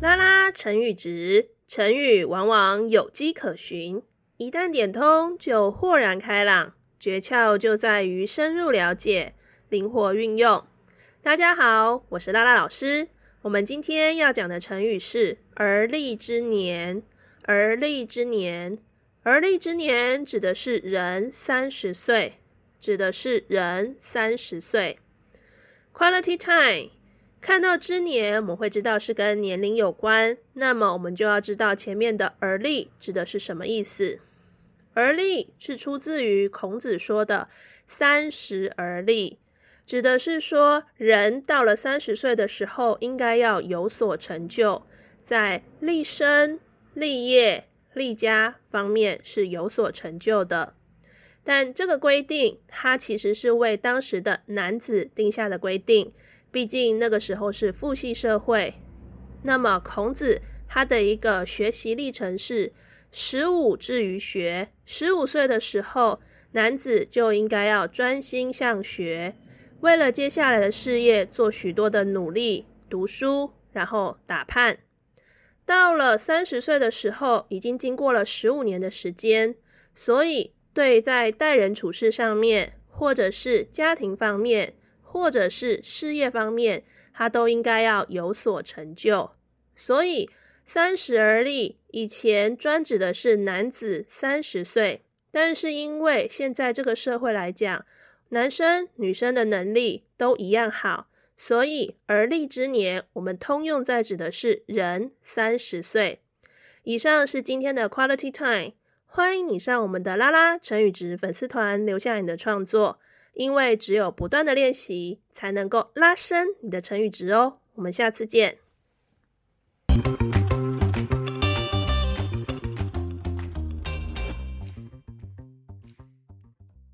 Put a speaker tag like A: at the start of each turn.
A: 拉拉成語質，成語往往有跡可循，一旦點通就豁然開朗。訣竅就在於深入了解，靈活運用。大家好，我是拉拉老師。我們今天要講的成語是“而立之年”，而立之年。而立之年指的是人三十歲，指的是人三十歲。Quality time 看到之年，我們會知道是跟年齡有關。那麼我們就要知道前面的而立指的是什麼意思？而立是出自於孔子說的“三十而立”，指的是說人到了三十歲的時候，應該要有所成就，在立身立業。立家方面是有所成就的，但這個規定，它其實是為當時的男子定下的規定。畢竟那個時候是父系社會。那麼，孔子他的一個學習歷程是十五志於學，十五歲的時候，男子就應該要專心向學，為了接下來的事業做許多的努力，讀書，然後打拼。到了三十歲的時候，已經經過了十五年的時間，所以對在待人處事上面，或者是家庭方面，或者是事業方面，他都應該要有所成就。所以三十而立，以前專指的是男子三十歲，但是因為現在這個社會來講，男生女生的能力都一樣好。所以，而立之年，我們通用在指的是人三十歲。以上是今天的 Quality Time，歡迎你上我們的拉拉成語質粉絲團留下你的創作，因為只有不斷的練習，才能夠拉升你的成語質哦。我們下次見。嗯嗯